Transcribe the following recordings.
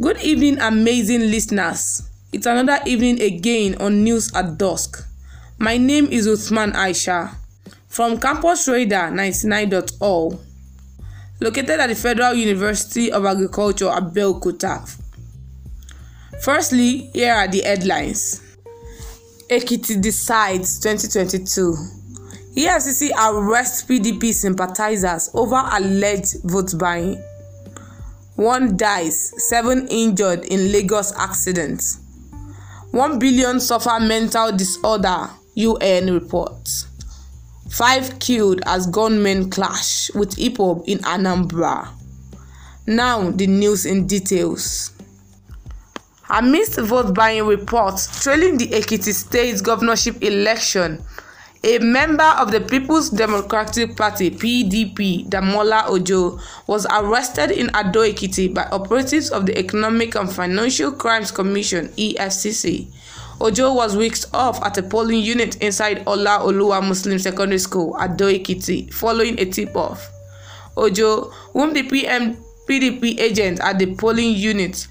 Good evening, amazing listeners. It's another evening again on News at Dusk. My name is Uthman Aisha from Campus Radar 99.0, located at the Federal University of Agriculture, Abeokuta. Firstly, here are the headlines. Ekiti decides 2022. EFCC arrests PDP sympathizers over alleged vote buying one dies, seven injured in Lagos accident. 1 billion suffer mental disorder, UN reports. 5 killed as gunmen clash with IPOB in Anambra. Now, the news in details. Amidst vote buying reports trailing the Ekiti State governorship election, A member of the People's Democratic Party (PDP), Damola Ojo, was arrested in Ado-Ekiti by operatives of the Economic and Financial Crimes Commission (EFCC). Ojo was whisked off at a polling unit inside Ola Olua Muslim Secondary School, Ado-Ekiti, following a tip-off. Ojo, whom the PM PDP agent at the polling unit,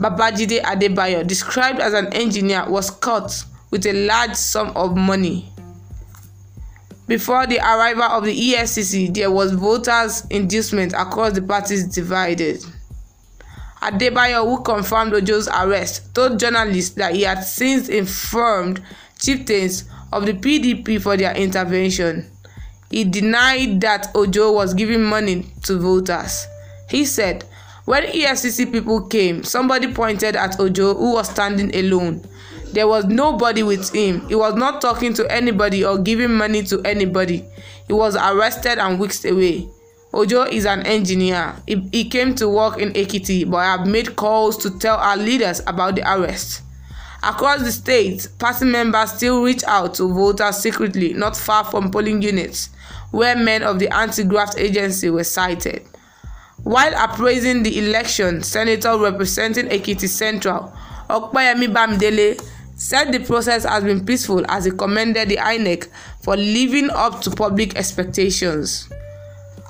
Babajide Adebayo, described as an engineer, was caught with a large sum of money. Before the arrival of the ESCC, there was voters' inducement across the parties divided. Adebayo, who confirmed Ojo's arrest, told journalists that he had since informed chieftains of the PDP for their intervention. He denied that Ojo was giving money to voters. He said, When ESCC people came, somebody pointed at Ojo, who was standing alone. There was nobody with him. He was not talking to anybody or giving money to anybody. He was arrested and weeks away. Ojo is an engineer. He, he came to work in Ekiti, but I have made calls to tell our leaders about the arrest. Across the state, party members still reach out to voters secretly, not far from polling units, where men of the anti graft agency were cited. While appraising the election, Senator representing Ekiti Central, Okpayemi Bamdele, said the process has been peaceful as he commended the INEC for living up to public expectations.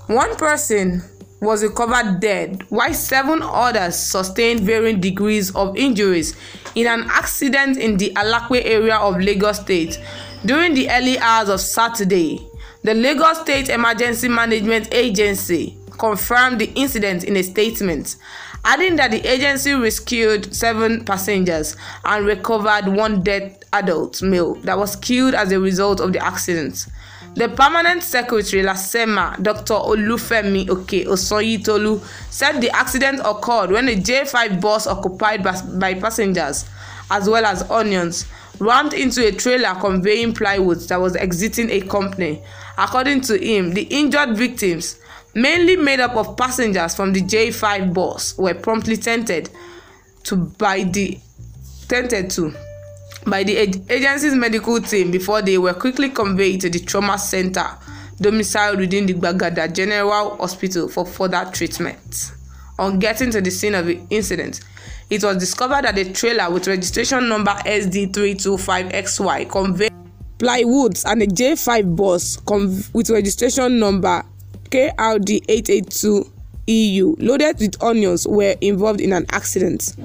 One person was recovered dead, while seven others sustained varying degrees of injuries in an accident in the Alakwe area of Lagos State during the early hours of Saturday. The Lagos State Emergency Management Agency confirmed the incident in a statement adding that the agency rescued seven passengers and recovered one dead adult male that was killed as a result of the accident. The permanent secretary, Lasema, Dr. Olufemi Oke Osoyitolu, said the accident occurred when a J5 bus occupied by passengers, as well as onions, rammed into a trailer conveying plywood that was exiting a company. According to him, the injured victims mainly made up of passengers from the J5 bus, were promptly tented to by the tented to by the agency's medical team before they were quickly conveyed to the trauma center domiciled within the Gbagada General Hospital for further treatment. On getting to the scene of the incident, it was discovered that a trailer with registration number SD325XY conveyed plywoods and a J5 bus with registration number KRD 882EU e loaded with onions were involved in an accident.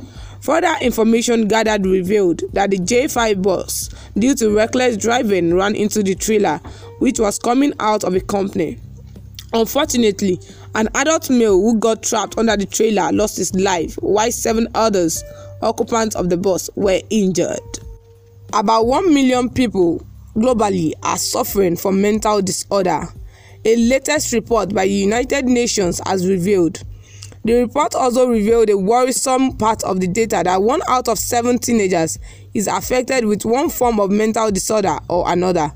Further information gathered revealed that the J5 bus, due to reckless driving, ran into the trailer which was coming out of a company. Unfortunately, an adult male who got trapped under the trailer lost his life, while seven others, occupants of the bus, were injured. About 1 million people globally are suffering from mental disorder a latest report by the United Nations has revealed. The report also revealed a worrisome part of the data that one out of seven teenagers is affected with one form of mental disorder or another.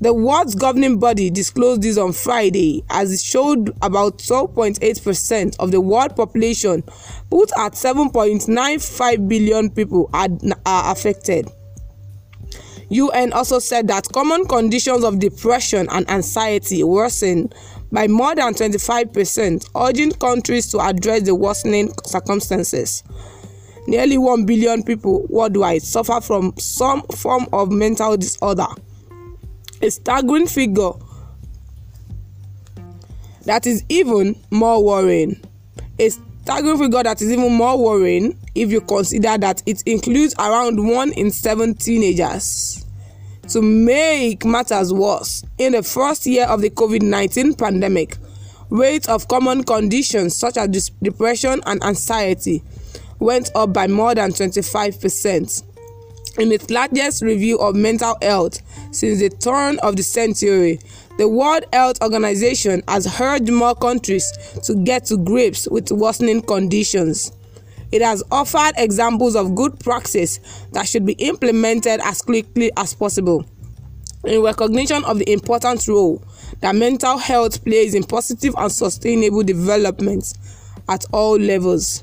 The world's governing body disclosed this on Friday as it showed about 12.8% of the world population, put at 7.95 billion people, are, are affected. UN also said that common conditions of depression and anxiety worsen by more than 25%, urging countries to address the worsening circumstances. Nearly 1 billion people worldwide suffer from some form of mental disorder, a staggering figure that is even more worrying. A staggering figure that is even more worrying if you consider that it includes around 1 in 7 teenagers. To make matters worse, in the first year of the COVID 19 pandemic, rates of common conditions such as depression and anxiety went up by more than 25%. In its largest review of mental health since the turn of the century, the World Health Organization has urged more countries to get to grips with worsening conditions. It has offered examples of good practice that should be implemented as quickly as possible. In recognition of the important role that mental health plays in positive and sustainable development at all levels,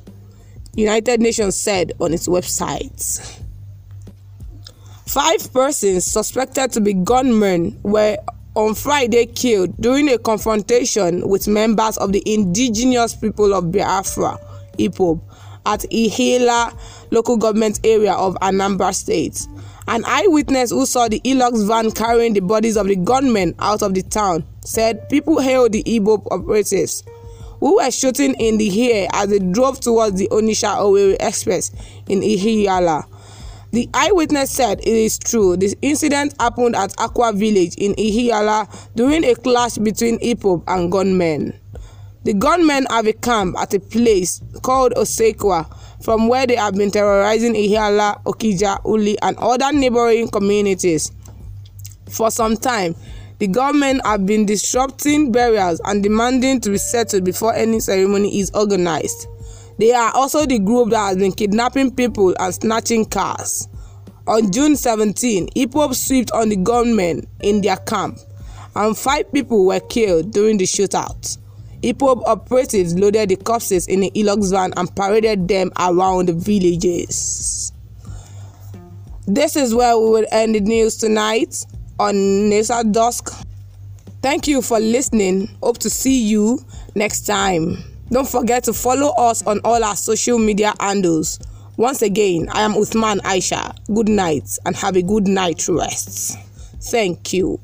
United Nations said on its website. Five persons suspected to be gunmen were on Friday killed during a confrontation with members of the indigenous people of Biafra, IPOB, at Ihela local government area of Anambra State. An eyewitness who saw the Elox van carrying the bodies of the gunmen out of the town said people hailed the Igbo operatives who were shooting in the air as they drove towards the Onisha Owerri Express in Ihiala. The eyewitness said it is true. This incident happened at Aqua Village in Ihiala during a clash between Ipob and gunmen. The gunmen have a camp at a place called Osekwa, from where they have been terrorizing Ihiala, Okija, Uli, and other neighboring communities. For some time, the government have been disrupting burials and demanding to be settled before any ceremony is organized. They are also the group that has been kidnapping people and snatching cars. On June 17, hip hop swept on the gunmen in their camp, and five people were killed during the shootout. IPOB operatives loaded the corpses in a Hilux van and paraded them around the villages. This is where we will end the news tonight on Nessa Dusk. Thank you for listening. Hope to see you next time. Don't forget to follow us on all our social media handles. Once again, I am Uthman Aisha. Good night and have a good night rest. Thank you.